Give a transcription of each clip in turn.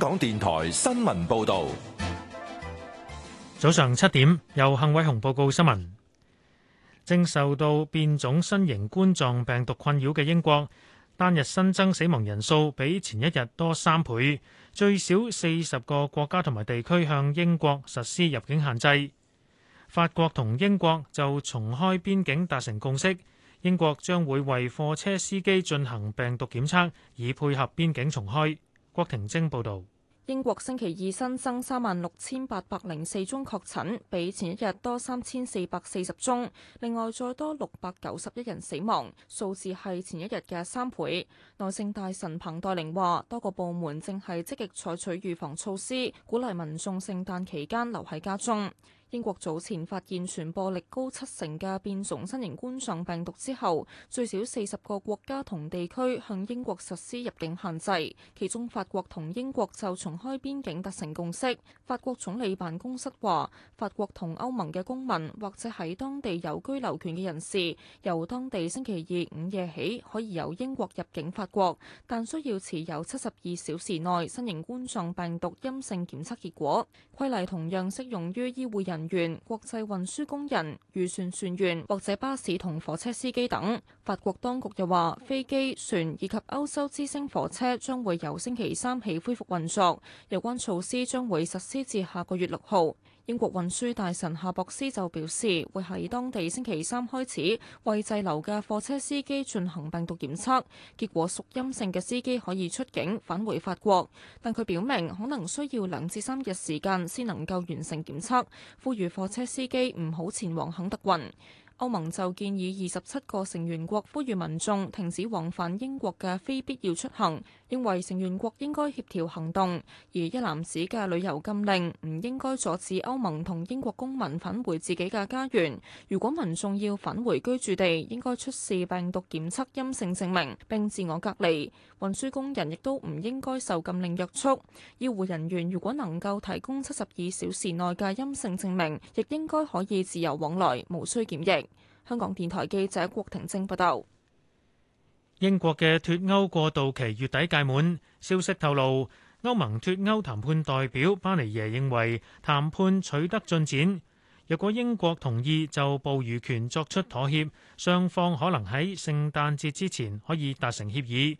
香港電台新聞報道：早上七點，由幸偉雄報告新聞。正受到變種新型冠狀病毒困擾嘅英國，單日新增死亡人數比前一日多三倍。最少四十個國家同埋地區向英國實施入境限制。法國同英國就重開邊境達成共識，英國將會為貨車司機進行病毒檢測，以配合邊境重開。郭婷晶報道，英國星期二新增三萬六千八百零四宗確診，比前一日多三千四百四十宗，另外再多六百九十一人死亡，數字係前一日嘅三倍。內政大臣彭黛玲話，多個部門正係積極採取預防措施，鼓勵民眾聖誕期間留喺家中。英國早前發現傳播力高七成嘅變種新型冠狀病毒之後，最少四十個國家同地區向英國實施入境限制。其中法國同英國就重開邊境達成共識。法國總理辦公室話，法國同歐盟嘅公民或者喺當地有居留權嘅人士，由當地星期二午夜起可以由英國入境法國，但需要持有七十二小時內新型冠狀病毒陰性檢測結果。規例同樣適用於醫護人人員、國際運輸工人、漁船船員或者巴士同火車司機等。法國當局又話，飛機、船以及歐洲之星火車將會由星期三起恢復運作，有關措施將會實施至下個月六號。英國運輸大臣夏博斯就表示，會喺當地星期三開始為滯留嘅貨車司機進行病毒檢測，結果屬陰性嘅司機可以出境返回法國。但佢表明，可能需要兩至三日時間先能夠完成檢測，呼籲貨車司機唔好前往肯特郡。歐盟就建議二十七個成員國呼籲民眾停止往返英國嘅非必要出行。認為成員國應該協調行動，而一男子嘅旅遊禁令唔應該阻止歐盟同英國公民返回自己嘅家園。如果民眾要返回居住地，應該出示病毒檢測陰性證明並自我隔離。運輸工人亦都唔應該受禁令約束。醫護人員如果能夠提供七十二小時內嘅陰性證明，亦應該可以自由往來，無需檢疫。香港電台記者郭婷晶報道。英國嘅脱歐過渡期月底屆滿，消息透露，歐盟脱歐談判代表巴尼耶認為談判取得進展。若果英國同意就捕魚權作出妥協，雙方可能喺聖誕節之前可以達成協議。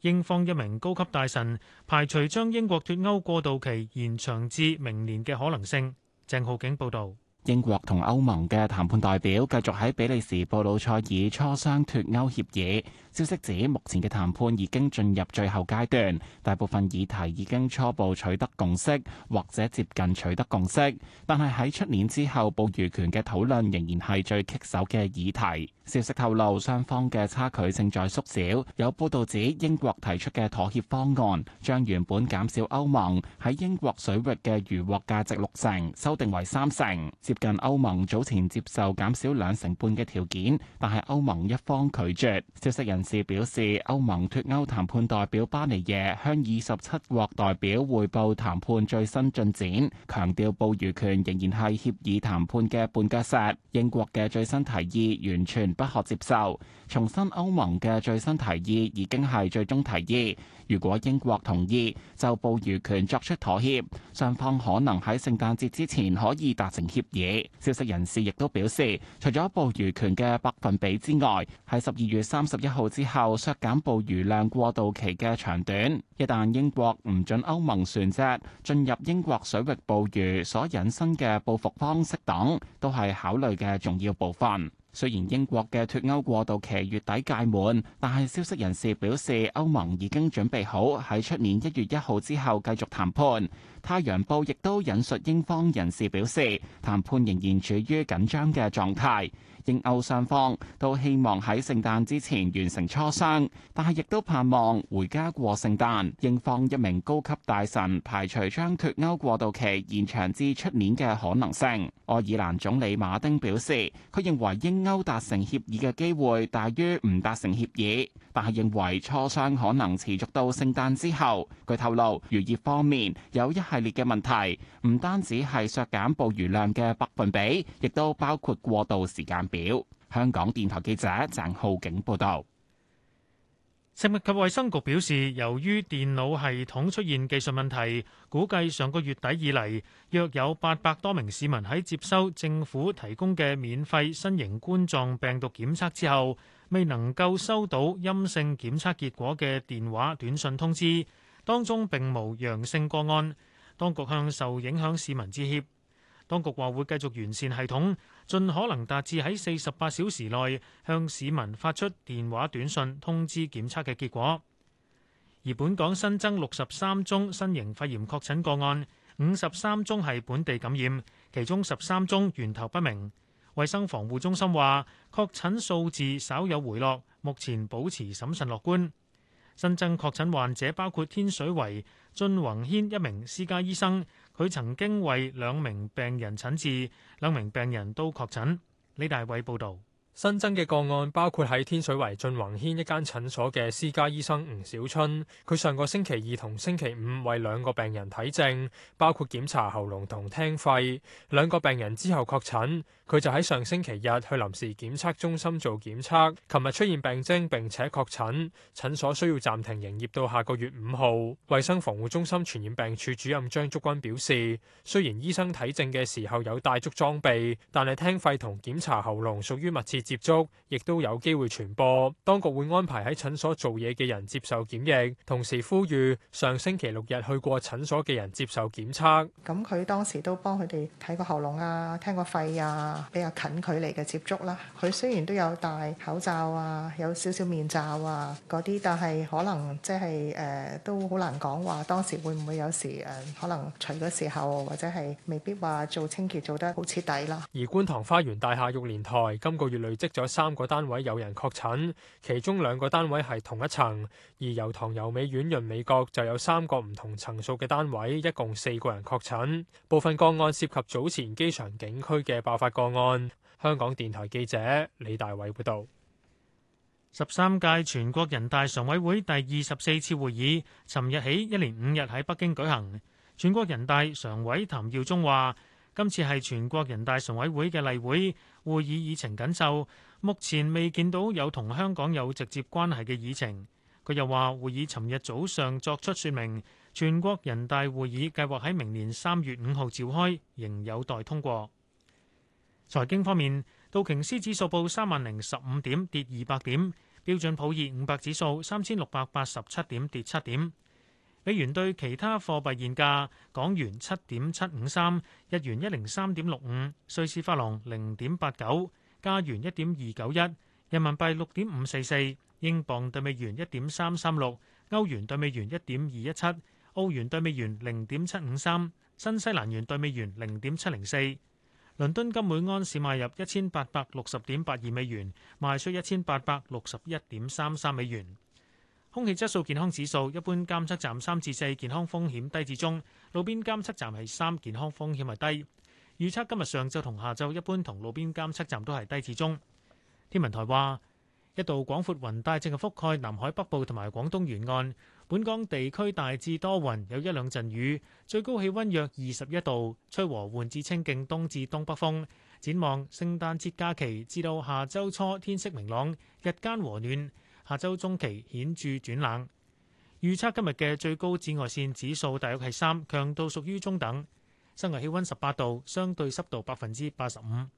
英方一名高級大臣排除將英國脱歐過渡期延長至明年嘅可能性。鄭浩景報導。英國同歐盟嘅談判代表繼續喺比利時布魯塞爾磋商脱歐協議。消息指，目前嘅談判已經進入最後階段，大部分議題已經初步取得共識或者接近取得共識。但係喺出年之後，捕魚權嘅討論仍然係最棘手嘅議題。消息透露，雙方嘅差距正在縮小。有報道指，英國提出嘅妥協方案，將原本減少歐盟喺英國水域嘅漁獲價值六成，修訂為三成。近歐盟早前接受減少兩成半嘅條件，但係歐盟一方拒絕。消息人士表示，歐盟脱歐談判代表巴尼耶向二十七國代表匯報談判最新進展，強調捕魚權仍然係協議談判嘅絆腳石。英國嘅最新提議完全不可接受。重申歐盟嘅最新提議已經係最終提議，如果英國同意就捕魚權作出妥協，雙方可能喺聖誕節之前可以達成協議。消息人士亦都表示，除咗捕魚權嘅百分比之外，喺十二月三十一號之後削減捕魚量過渡期嘅長短，一旦英國唔準歐盟船隻進入英國水域捕魚，所引申嘅報復方式等，都係考慮嘅重要部分。雖然英國嘅脫歐過渡期月底屆滿，但係消息人士表示，歐盟已經準備好喺出年一月一號之後繼續談判。《太陽報》亦都引述英方人士表示，談判仍然處於緊張嘅狀態。英歐雙方都希望喺聖誕之前完成磋商，但係亦都盼望回家過聖誕。應放一名高級大臣排除將脫歐過渡期延長至出年嘅可能性。愛爾蘭總理馬丁表示，佢認為英歐達成協議嘅機會大於唔達成協議，但係認為磋商可能持續到聖誕之後，據透露，漁業方面有一系列嘅問題，唔單止係削減捕魚量嘅百分比，亦都包括過渡時間表。香港電台記者鄭浩景報道，食物及衛生局表示，由於電腦系統出現技術問題，估計上個月底以嚟，約有八百多名市民喺接收政府提供嘅免費新型冠狀病毒檢測之後，未能夠收到陰性檢測結果嘅電話短信通知，當中並無陽性個案。當局向受影響市民致歉。當局話會繼續完善系統，盡可能達至喺四十八小時內向市民發出電話短訊通知檢測嘅結果。而本港新增六十三宗新型肺炎確診個案，五十三宗係本地感染，其中十三宗源頭不明。衛生防護中心話，確診數字稍有回落，目前保持審慎樂觀。新增確診患者包括天水圍。俊宏軒一名私家醫生，佢曾經為兩名病人診治，兩名病人都確診。李大偉報道。新增嘅個案包括喺天水圍俊宏軒一間診所嘅私家醫生吳小春，佢上個星期二同星期五為兩個病人睇症，包括檢查喉嚨同聽肺。兩個病人之後確診，佢就喺上星期日去臨時檢測中心做檢測，琴日出現病徵並且確診。診所需要暫停營業到下個月五號。衛生防護中心傳染病處主任張竹君表示，雖然醫生睇症嘅時候有帶足裝備，但係聽肺同檢查喉嚨屬於密切接觸，亦都有機會傳播。當局會安排喺診所做嘢嘅人接受檢疫，同時呼籲上星期六日去過診所嘅人接受檢測。咁佢當時都幫佢哋睇過喉嚨啊，聽過肺啊，比較近距離嘅接觸啦。佢雖然都有戴口罩啊，有少少面罩啊嗰啲，但係可能即係誒都好難講話，當時會唔會有時誒可能除咗時候或者係未必話做清潔做得好徹底啦。而觀塘花園大廈玉蓮台今個月累積咗三個單位有人確診，其中兩個單位係同一層，而油塘油美苑潤美閣就有三個唔同層數嘅單位，一共四個人確診。部分個案涉及早前機場景區嘅爆發個案。香港電台記者李大偉報導。十三屆全國人大常委會第二十四次會議，尋日起一連五日喺北京舉行。全國人大常委譚耀宗話。今次係全國人大常委會嘅例會，會議議程緊湊，目前未見到有同香港有直接關係嘅議程。佢又話，會議尋日早上作出説明，全國人大會議計劃喺明年三月五號召開，仍有待通過。財經方面，道瓊斯指數報三萬零十五點，跌二百點；標準普爾五百指數三千六百八十七點，跌七點。美元兌其他貨幣現價：港元七點七五三，日元一零三點六五，瑞士法郎零點八九，加元一點二九一，人民幣六點五四四，英鎊對美元一點三三六，歐元對美元一點二一七，澳元對美元零點七五三，新西蘭元對美元零點七零四。倫敦金每安士買入一千八百六十點八二美元，賣出一千八百六十一點三三美元。空氣質素健康指數，一般監測站三至四，健康風險低至中；路邊監測站係三，健康風險係低。預測今日上晝同下晝，一般同路邊監測站都係低至中。天文台話，一道廣闊雲帶正係覆蓋南海北部同埋廣東沿岸，本港地區大致多雲，有一兩陣雨，最高氣温約二十一度，吹和緩至清勁東至東北風。展望聖誕節假期至到下周初，天色明朗，日間和暖。下周中期顯著轉冷，預測今日嘅最高紫外線指數大約係三，強度屬於中等。室外氣溫十八度，相對濕度百分之八十五。